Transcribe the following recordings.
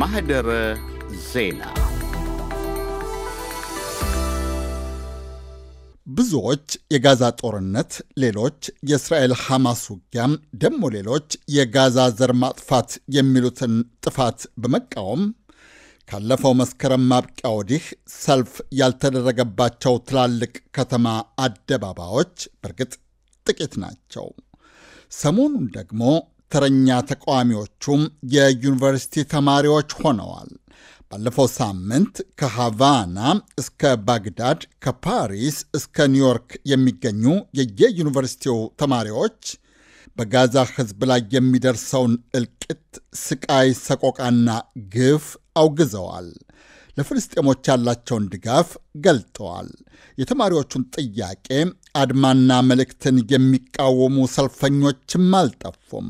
ማህደረ ዜና ብዙዎች የጋዛ ጦርነት፣ ሌሎች የእስራኤል ሐማስ ውጊያም፣ ደግሞ ሌሎች የጋዛ ዘር ማጥፋት የሚሉትን ጥፋት በመቃወም ካለፈው መስከረም ማብቂያ ወዲህ ሰልፍ ያልተደረገባቸው ትላልቅ ከተማ አደባባዮች በእርግጥ ጥቂት ናቸው። ሰሞኑን ደግሞ ተረኛ ተቃዋሚዎቹም የዩኒቨርሲቲ ተማሪዎች ሆነዋል። ባለፈው ሳምንት ከሃቫና እስከ ባግዳድ ከፓሪስ እስከ ኒውዮርክ የሚገኙ የየዩኒቨርሲቲው ተማሪዎች በጋዛ ሕዝብ ላይ የሚደርሰውን እልቂት፣ ስቃይ፣ ሰቆቃና ግፍ አውግዘዋል። ለፍልስጤሞች ያላቸውን ድጋፍ ገልጠዋል። የተማሪዎቹን ጥያቄ አድማና መልእክትን የሚቃወሙ ሰልፈኞችም አልጠፉም።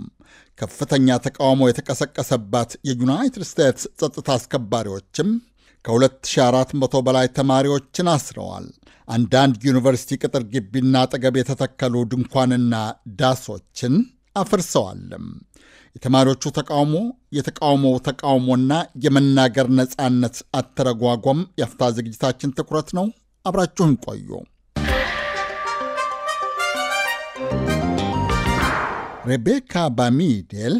ከፍተኛ ተቃውሞ የተቀሰቀሰባት የዩናይትድ ስቴትስ ጸጥታ አስከባሪዎችም ከ2400 በላይ ተማሪዎችን አስረዋል። አንዳንድ ዩኒቨርሲቲ ቅጥር ግቢና አጠገብ የተተከሉ ድንኳንና ዳሶችን አፍርሰዋልም። የተማሪዎቹ ተቃውሞ የተቃውሞው ተቃውሞና የመናገር ነፃነት አተረጓጓም የአፍታ ዝግጅታችን ትኩረት ነው። አብራችሁን ቆዩ። ሬቤካ ባሚዴል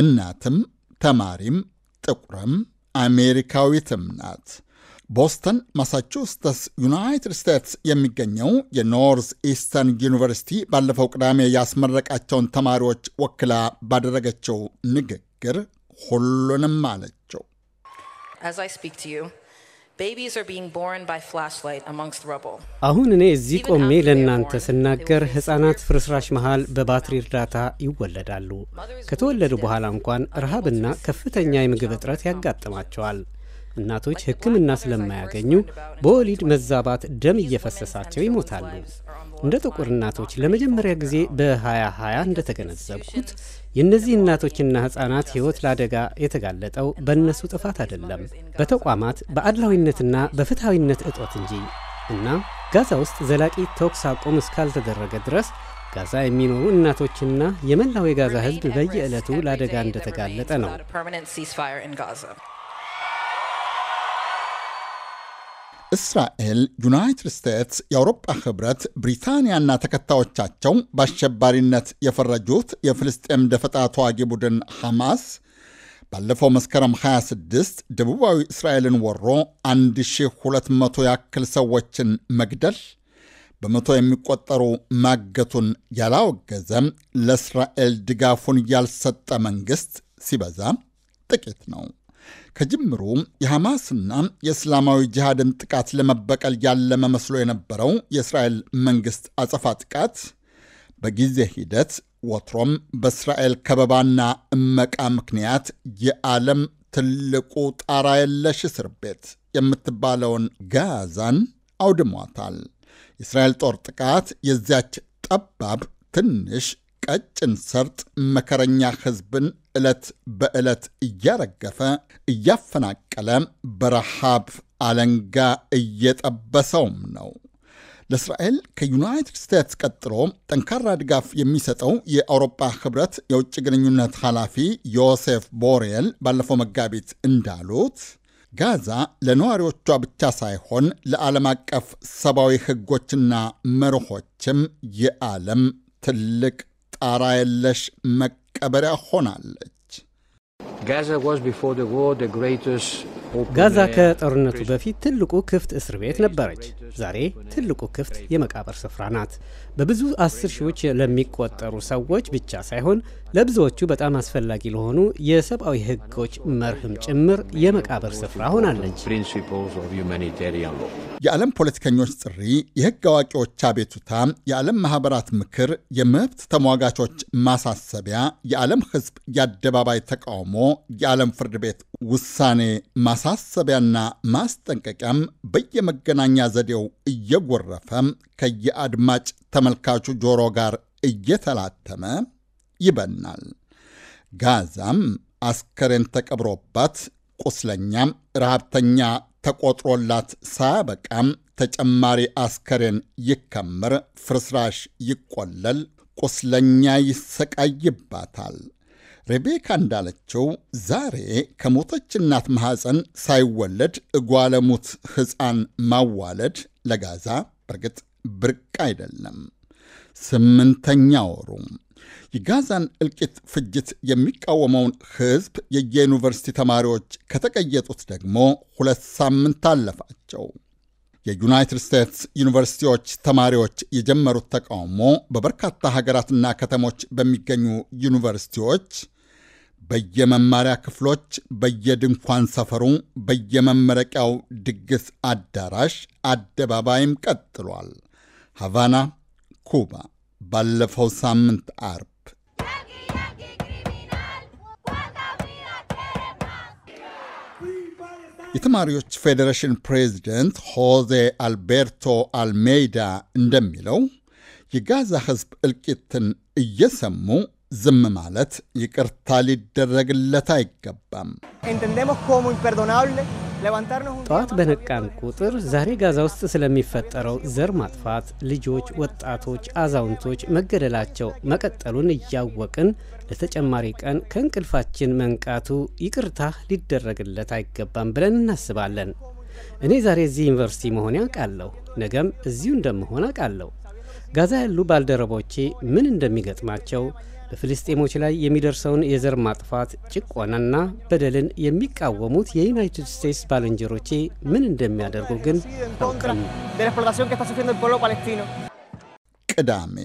እናትም ተማሪም ጥቁርም አሜሪካዊትም ናት። ቦስተን ማሳቹስተስ ዩናይትድ ስቴትስ የሚገኘው የኖርዝ ኢስተርን ዩኒቨርሲቲ ባለፈው ቅዳሜ ያስመረቃቸውን ተማሪዎች ወክላ ባደረገችው ንግግር ሁሉንም አለችው። አሁን እኔ እዚህ ቆሜ ለእናንተ ስናገር ሕፃናት ፍርስራሽ መሃል በባትሪ እርዳታ ይወለዳሉ። ከተወለዱ በኋላ እንኳን ረሃብና ከፍተኛ የምግብ እጥረት ያጋጥማቸዋል። እናቶች ሕክምና ስለማያገኙ በወሊድ መዛባት ደም እየፈሰሳቸው ይሞታሉ። እንደ ጥቁር እናቶች ለመጀመሪያ ጊዜ በ2020 እንደተገነዘብኩት የእነዚህ እናቶችና ሕፃናት ህይወት ለአደጋ የተጋለጠው በእነሱ ጥፋት አይደለም፣ በተቋማት በአድላዊነትና በፍትሐዊነት እጦት እንጂ እና ጋዛ ውስጥ ዘላቂ ተኩስ አቁም እስካልተደረገ ድረስ ጋዛ የሚኖሩ እናቶችና የመላው የጋዛ ህዝብ በየዕለቱ ለአደጋ እንደተጋለጠ ነው። እስራኤል፣ ዩናይትድ ስቴትስ፣ የአውሮፓ ህብረት፣ ብሪታንያና ተከታዮቻቸው በአሸባሪነት የፈረጁት የፍልስጤም ደፈጣ ተዋጊ ቡድን ሐማስ ባለፈው መስከረም 26 ደቡባዊ እስራኤልን ወሮ 1200 ያክል ሰዎችን መግደል በመቶ የሚቆጠሩ ማገቱን ያላወገዘ ለእስራኤል ድጋፉን ያልሰጠ መንግሥት ሲበዛ ጥቂት ነው። ከጅምሩ የሐማስና የእስላማዊ ጅሃድን ጥቃት ለመበቀል ያለመ መስሎ የነበረው የእስራኤል መንግሥት አጸፋ ጥቃት በጊዜ ሂደት ወትሮም በእስራኤል ከበባና እመቃ ምክንያት የዓለም ትልቁ ጣራ የለሽ እስር ቤት የምትባለውን ጋዛን አውድሟታል። የእስራኤል ጦር ጥቃት የዚያች ጠባብ ትንሽ ቀጭን ሰርጥ መከረኛ ሕዝብን ዕለት በዕለት እያረገፈ እያፈናቀለ በረሃብ አለንጋ እየጠበሰውም ነው። ለእስራኤል ከዩናይትድ ስቴትስ ቀጥሎ ጠንካራ ድጋፍ የሚሰጠው የአውሮፓ ህብረት የውጭ ግንኙነት ኃላፊ ዮሴፍ ቦሬል ባለፈው መጋቢት እንዳሉት ጋዛ ለነዋሪዎቿ ብቻ ሳይሆን ለዓለም አቀፍ ሰብአዊ ህጎችና መርሆችም የዓለም ትልቅ ጣራ የለሽ መ መቀበሪያ ሆናለች። ጋዛ ከጦርነቱ በፊት ትልቁ ክፍት እስር ቤት ነበረች። ዛሬ ትልቁ ክፍት የመቃብር ስፍራ ናት። በብዙ አስር ሺዎች ለሚቆጠሩ ሰዎች ብቻ ሳይሆን ለብዙዎቹ በጣም አስፈላጊ ለሆኑ የሰብአዊ ሕጎች መርህም ጭምር የመቃብር ስፍራ ሆናለች። የዓለም ፖለቲከኞች ጥሪ፣ የሕግ አዋቂዎች አቤቱታ፣ የዓለም ማኅበራት ምክር፣ የመብት ተሟጋቾች ማሳሰቢያ፣ የዓለም ሕዝብ የአደባባይ ተቃውሞ፣ የዓለም ፍርድ ቤት ውሳኔ ማ ማሳሰቢያና ማስጠንቀቂያም በየመገናኛ ዘዴው እየጎረፈ ከየአድማጭ ተመልካቹ ጆሮ ጋር እየተላተመ ይበናል። ጋዛም አስከሬን ተቀብሮባት ቁስለኛም ረሃብተኛ ተቆጥሮላት ሳያበቃም ተጨማሪ አስከሬን ይከምር፣ ፍርስራሽ ይቆለል፣ ቁስለኛ ይሰቃይባታል። ሬቤካ እንዳለችው ዛሬ ከሞተች እናት ማኅፀን ሳይወለድ እጓለሙት ሕፃን ማዋለድ ለጋዛ በርግጥ ብርቅ አይደለም። ስምንተኛ ወሩ የጋዛን እልቂት ፍጅት የሚቃወመውን ሕዝብ የየዩኒቨርሲቲ ተማሪዎች ከተቀየጡት ደግሞ ሁለት ሳምንት አለፋቸው። የዩናይትድ ስቴትስ ዩኒቨርሲቲዎች ተማሪዎች የጀመሩት ተቃውሞ በበርካታ ሀገራትና ከተሞች በሚገኙ ዩኒቨርሲቲዎች በየመማሪያ ክፍሎች፣ በየድንኳን ሰፈሩ፣ በየመመረቂያው ድግስ አዳራሽ፣ አደባባይም ቀጥሏል። ሃቫና ኩባ ባለፈው ሳምንት አርብ የተማሪዎች ፌዴሬሽን ፕሬዚደንት ሆዜ አልቤርቶ አልሜይዳ እንደሚለው የጋዛ ሕዝብ እልቂትን እየሰሙ ዝም ማለት ይቅርታ ሊደረግለት አይገባም። ጠዋት በነቃን ቁጥር ዛሬ ጋዛ ውስጥ ስለሚፈጠረው ዘር ማጥፋት ልጆች፣ ወጣቶች፣ አዛውንቶች መገደላቸው መቀጠሉን እያወቅን ለተጨማሪ ቀን ከእንቅልፋችን መንቃቱ ይቅርታ ሊደረግለት አይገባም ብለን እናስባለን። እኔ ዛሬ እዚህ ዩኒቨርሲቲ መሆን አውቃለሁ። ነገም እዚሁ እንደምሆን አውቃለሁ። ጋዛ ያሉ ባልደረቦቼ ምን እንደሚገጥማቸው በፍልስጤሞች ላይ የሚደርሰውን የዘር ማጥፋት ጭቆናና በደልን የሚቃወሙት የዩናይትድ ስቴትስ ባልንጀሮቼ ምን እንደሚያደርጉ ግን ቅዳሜ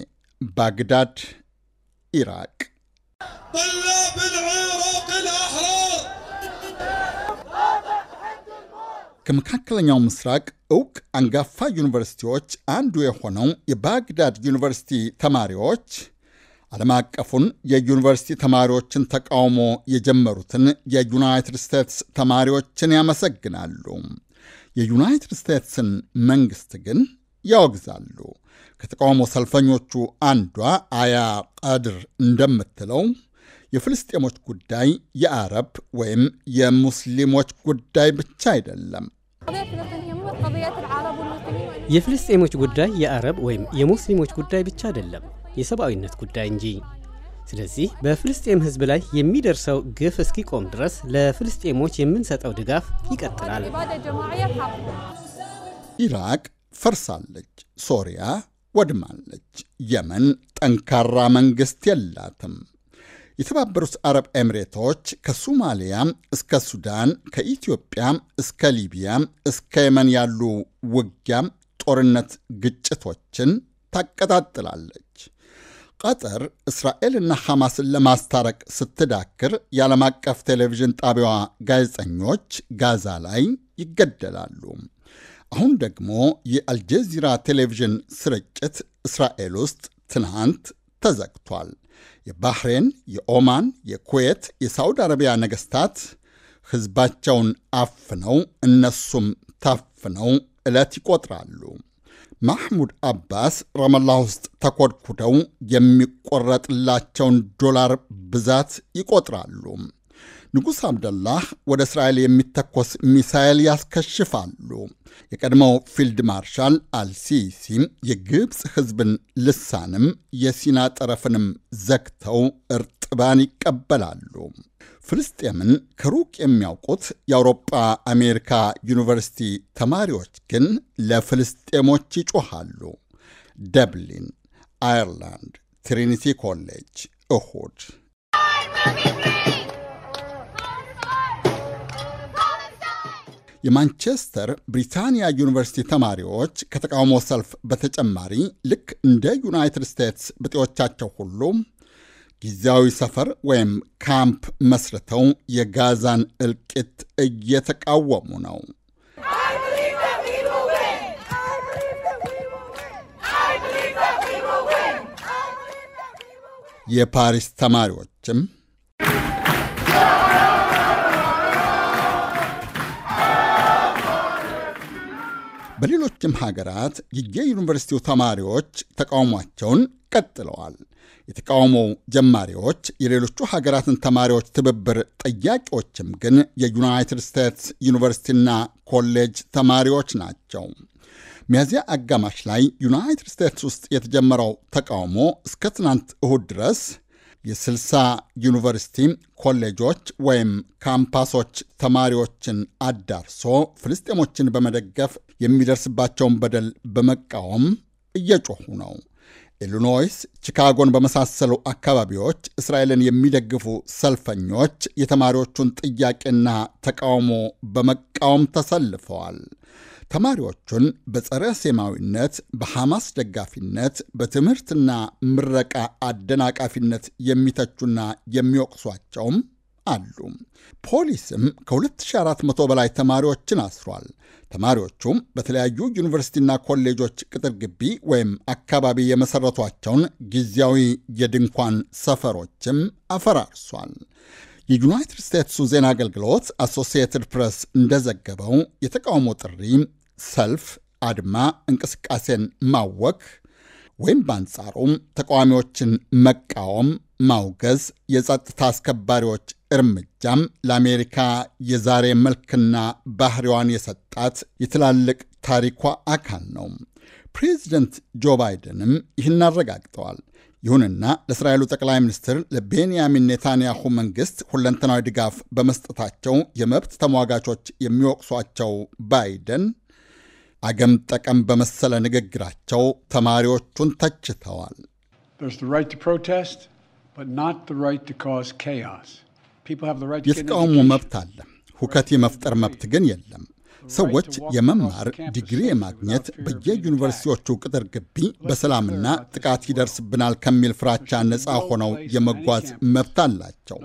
ባግዳድ፣ ኢራቅ ከመካከለኛው ምስራቅ እውቅ አንጋፋ ዩኒቨርሲቲዎች አንዱ የሆነው የባግዳድ ዩኒቨርሲቲ ተማሪዎች ዓለም አቀፉን የዩኒቨርሲቲ ተማሪዎችን ተቃውሞ የጀመሩትን የዩናይትድ ስቴትስ ተማሪዎችን ያመሰግናሉ። የዩናይትድ ስቴትስን መንግሥት ግን ያወግዛሉ። ከተቃውሞ ሰልፈኞቹ አንዷ አያ ቀድር እንደምትለው የፍልስጤሞች ጉዳይ የአረብ ወይም የሙስሊሞች ጉዳይ ብቻ አይደለም። የፍልስጤሞች ጉዳይ የአረብ ወይም የሙስሊሞች ጉዳይ ብቻ አይደለም። የሰብአዊነት ጉዳይ እንጂ። ስለዚህ በፍልስጤም ሕዝብ ላይ የሚደርሰው ግፍ እስኪቆም ድረስ ለፍልስጤሞች የምንሰጠው ድጋፍ ይቀጥላል። ኢራቅ ፈርሳለች፣ ሶሪያ ወድማለች፣ የመን ጠንካራ መንግሥት የላትም። የተባበሩት አረብ ኤምሬቶች ከሱማሊያ እስከ ሱዳን፣ ከኢትዮጵያ እስከ ሊቢያ እስከ የመን ያሉ ውጊያም፣ ጦርነት፣ ግጭቶችን ታቀጣጥላለች። ቀጠር እስራኤልና ሐማስን ለማስታረቅ ስትዳክር የዓለም አቀፍ ቴሌቪዥን ጣቢያዋ ጋዜጠኞች ጋዛ ላይ ይገደላሉ። አሁን ደግሞ የአልጀዚራ ቴሌቪዥን ስርጭት እስራኤል ውስጥ ትናንት ተዘግቷል። የባህሬን፣ የኦማን፣ የኩዌት፣ የሳውዲ አረቢያ ነገሥታት ሕዝባቸውን አፍነው እነሱም ታፍነው ዕለት ይቆጥራሉ። ማህሙድ አባስ ረመላ ውስጥ ተኮድኩደው የሚቆረጥላቸውን ዶላር ብዛት ይቆጥራሉ። ንጉሥ አብደላህ ወደ እስራኤል የሚተኮስ ሚሳኤል ያስከሽፋሉ። የቀድሞው ፊልድ ማርሻል አልሲሲ የግብፅ ሕዝብን ልሳንም የሲና ጠረፍንም ዘግተው እርጥ ጥባን ይቀበላሉ። ፍልስጤምን ከሩቅ የሚያውቁት የአውሮጳ አሜሪካ ዩኒቨርሲቲ ተማሪዎች ግን ለፍልስጤሞች ይጮኻሉ። ደብሊን አየርላንድ፣ ትሪኒቲ ኮሌጅ እሁድ የማንቸስተር ብሪታንያ ዩኒቨርሲቲ ተማሪዎች ከተቃውሞ ሰልፍ በተጨማሪ ልክ እንደ ዩናይትድ ስቴትስ ብጤዎቻቸው ሁሉ ጊዜያዊ ሰፈር ወይም ካምፕ መስርተው የጋዛን እልቂት እየተቃወሙ ነው። የፓሪስ ተማሪዎችም በሌሎችም ሀገራት የየዩኒቨርሲቲው ተማሪዎች ተቃውሟቸውን ቀጥለዋል። የተቃውሞ ጀማሪዎች የሌሎቹ ሀገራትን ተማሪዎች ትብብር ጠያቂዎችም ግን የዩናይትድ ስቴትስ ዩኒቨርሲቲና ኮሌጅ ተማሪዎች ናቸው። ሚያዚያ አጋማሽ ላይ ዩናይትድ ስቴትስ ውስጥ የተጀመረው ተቃውሞ እስከ ትናንት እሁድ ድረስ የስልሳ ዩኒቨርሲቲ ኮሌጆች ወይም ካምፓሶች ተማሪዎችን አዳርሶ ፍልስጤሞችን በመደገፍ የሚደርስባቸውን በደል በመቃወም እየጮሁ ነው። ኢሉኖይስ፣ ቺካጎን በመሳሰሉ አካባቢዎች እስራኤልን የሚደግፉ ሰልፈኞች የተማሪዎቹን ጥያቄና ተቃውሞ በመቃወም ተሰልፈዋል። ተማሪዎቹን በጸረ ሴማዊነት፣ በሐማስ ደጋፊነት፣ በትምህርትና ምረቃ አደናቃፊነት የሚተቹና የሚወቅሷቸውም አሉ። ፖሊስም ከ2400 በላይ ተማሪዎችን አስሯል። ተማሪዎቹም በተለያዩ ዩኒቨርሲቲና ኮሌጆች ቅጥር ግቢ ወይም አካባቢ የመሠረቷቸውን ጊዜያዊ የድንኳን ሰፈሮችም አፈራርሷል። የዩናይትድ ስቴትሱ ዜና አገልግሎት አሶሲየትድ ፕሬስ እንደዘገበው የተቃውሞ ጥሪ ሰልፍ፣ አድማ እንቅስቃሴን ማወክ ወይም በአንጻሩም ተቃዋሚዎችን መቃወም፣ ማውገዝ፣ የጸጥታ አስከባሪዎች እርምጃም ለአሜሪካ የዛሬ መልክና ባህሪዋን የሰጣት የትላልቅ ታሪኳ አካል ነው። ፕሬዚደንት ጆ ባይደንም ይህን አረጋግጠዋል። ይሁንና ለእስራኤሉ ጠቅላይ ሚኒስትር ለቤንያሚን ኔታንያሁ መንግስት ሁለንተናዊ ድጋፍ በመስጠታቸው የመብት ተሟጋቾች የሚወቅሷቸው ባይደን አገም ጠቀም በመሰለ ንግግራቸው ተማሪዎቹን ተችተዋል። የተቃውሞ መብት አለ። ሁከት የመፍጠር መብት ግን የለም። ሰዎች የመማር ዲግሪ የማግኘት በየዩኒቨርሲቲዎቹ ቅጥር ግቢ በሰላምና ጥቃት ይደርስብናል ከሚል ፍራቻ ነፃ ሆነው የመጓዝ መብት አላቸው።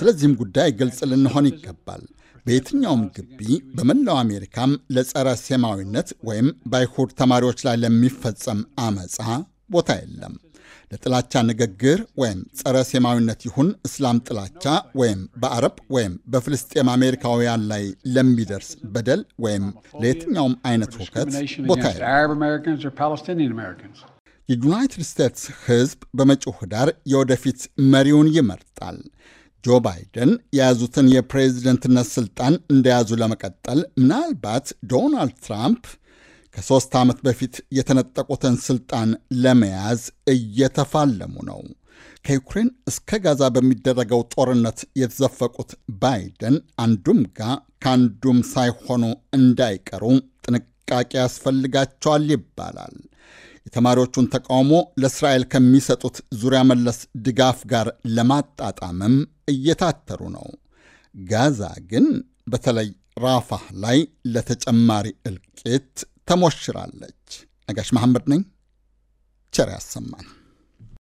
ስለዚህም ጉዳይ ግልጽ ልንሆን ይገባል። በየትኛውም ግቢ በመላው አሜሪካም ለጸረ ሴማዊነት ወይም ባይሁድ ተማሪዎች ላይ ለሚፈጸም አመፃ ቦታ የለም። ለጥላቻ ንግግር ወይም ጸረ ሴማዊነት ይሁን እስላም ጥላቻ ወይም በአረብ ወይም በፍልስጤም አሜሪካውያን ላይ ለሚደርስ በደል ወይም ለየትኛውም አይነት ሁከት ቦታ የዩናይትድ ስቴትስ ሕዝብ በመጪው ህዳር የወደፊት መሪውን ይመርጣል። ጆ ባይደን የያዙትን የፕሬዝደንትነት ስልጣን እንደያዙ ለመቀጠል ምናልባት ዶናልድ ትራምፕ ከሦስት ዓመት በፊት የተነጠቁትን ሥልጣን ለመያዝ እየተፋለሙ ነው። ከዩክሬን እስከ ጋዛ በሚደረገው ጦርነት የተዘፈቁት ባይደን አንዱም ጋ ከአንዱም ሳይሆኑ እንዳይቀሩ ጥንቃቄ ያስፈልጋቸዋል ይባላል። የተማሪዎቹን ተቃውሞ ለእስራኤል ከሚሰጡት ዙሪያ መለስ ድጋፍ ጋር ለማጣጣምም እየታተሩ ነው። ጋዛ ግን በተለይ ራፋህ ላይ ለተጨማሪ እልቂት ተሞሽራለች። ነጋሽ መሐመድ ነኝ። ቸር ያሰማን።